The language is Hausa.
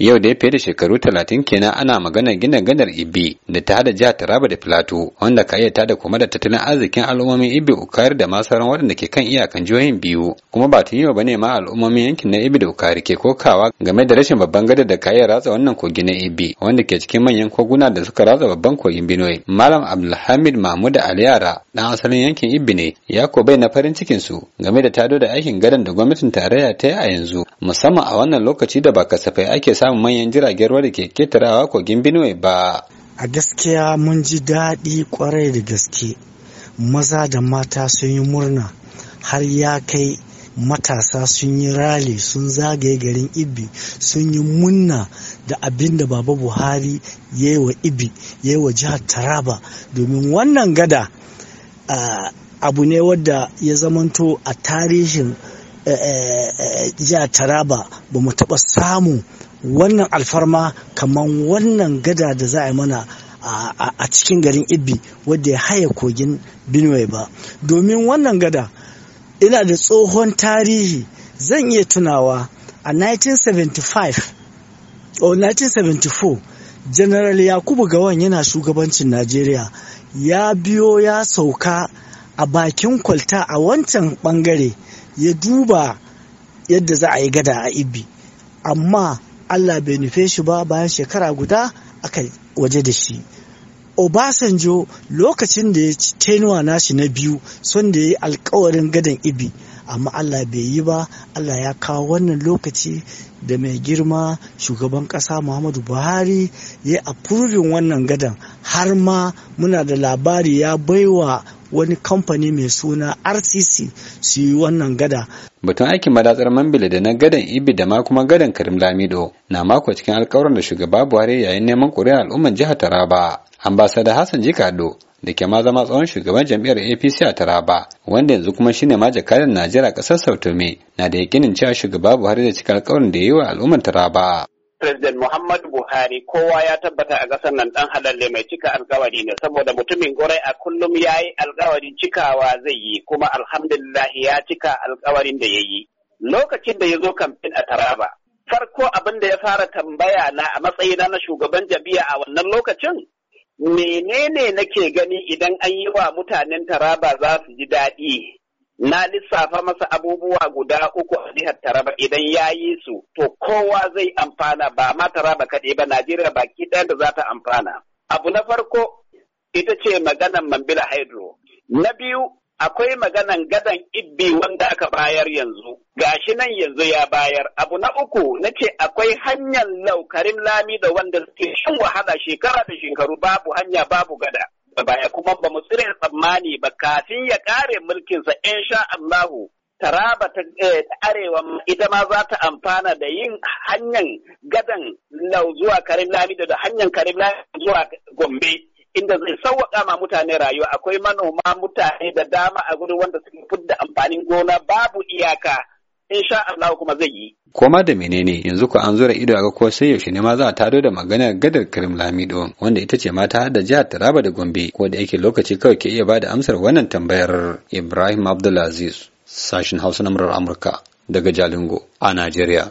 yau da ya fiye da shekaru talatin kenan ana maganar gina ganar ibi da ta hada jihar taraba da filato wanda ka iya tada kuma da tattalin arzikin al'ummomin ibi ukari da masaran sauran waɗanda ke kan iyakan jihohin biyu kuma ba tun yau bane ma al'ummomin yankin na ibi da ukari ke kokawa game da rashin babban gadar da ka iya ratsa wannan kogi na ibi wanda ke cikin manyan koguna da suka ratsa babban kogin benue malam abdulhamid mahmud aliyara dan asalin yankin ibi ne ya ko bai na farin cikin su game da tado da aikin gadan da gwamnatin tarayya ta yi a yanzu musamman a wannan lokaci da ba kasafai ake sa samun manyan jiragen ruwa da ke ketarawa kogin Benue ba. A gaskiya mun ji daɗi kwarai da gaske maza da mata sun yi murna har ya kai matasa sun yi rali sun zagaye garin ibi sun yi munna da abin da baba buhari ya yi wa ibi ya yi wa jihar taraba domin wannan gada abu ne wadda ya zamanto a tarihin eh, eh, eh, jihar taraba ba mu taɓa samu. wannan alfarma kamar wannan gada da za a mana a cikin garin ibbi wadda ya haya kogin benue ba domin wannan gada ina da tsohon tarihi zan iya tunawa a 1975 or 1974 general yakubu gawan yana shugabancin najeriya ya biyo ya sauka a bakin kwalta a wancan bangare ya duba yadda za a yi gada a ibi amma Allah bai nufe shi ba bayan shekara guda aka waje da shi Obasanjo lokacin da ya ci tenuwa nashi na biyu son da ya yi alkawarin gadon ibi amma Allah bai yi ba Allah ya kawo wannan lokaci da mai girma shugaban ƙasa Muhammadu Buhari ya yi wannan gadon, har ma muna da labari ya baiwa wani kamfani mai suna rcc su yi wannan gada batun aikin madatsar mambila da na gadan ibi da ma kuma gadan karim lamido na mako cikin alkawarin da shugaba buhari yayin neman ƙuri'ar al'ummar jihar taraba ambasada hassan jikado da ke ma zama tsawon shugaban jam'iyyar apc a taraba wanda yanzu kuma shine ma jakadan najeriya ƙasar sautome na da yakinin cewa shugaba buhari da cika alkawarin da ya yi wa al'ummar taraba President Muhammadu Buhari kowa ya tabbata a ƙasar nan ɗan halalle mai cika alkawari ne saboda mutumin gorai a kullum ya yi alkawarin cikawa zai yi kuma alhamdulillah ya cika alkawarin da ya yi. Lokacin da ya zo kamfen a Taraba, farko abin da ya fara tambaya na a matsayina na shugaban jabiya a wannan lokacin menene nake gani idan an yi wa mutanen taraba za su ji daɗi na lissafa masa abubuwa guda uku a jihar Taraba idan ya yi su to kowa zai amfana ba ma Taraba kaɗai ba Najeriya baki ɗaya da za ta amfana. Abu na farko ita ce maganan Mambila Hydro. Na biyu akwai maganan gadan ibbi wanda aka bayar yanzu Ga shi nan yanzu ya bayar abu na uku na ce akwai hanyar laukarin lami da wanda suke shan wahala shekara da shekaru babu hanya babu gada baya kuma ba mu tsire tsammani ba kafin ya kare mulkinsa sha Allahu Taraba eh, ta arewa ita ma za ta amfana da yin hanyar gadan lau zuwa Karim da hanyar karin Lamido zuwa Gombe inda zai sauwaƙa ma mutane rayuwa akwai manoma mutane da dama a gudu wanda suke fidda amfanin gona babu iyaka insha Allah kuma zai yi. Koma da menene yanzu ko an zura ido ga ko sai yaushe ne ma za a tado da maganar gadar Karim Lamido wanda ita ce mata da jihar Taraba da Gombe ko da yake lokaci kawai ke iya bada amsar wannan tambayar Ibrahim Abdulaziz sashin Hausa na Amurka daga Jalingo a Najeriya.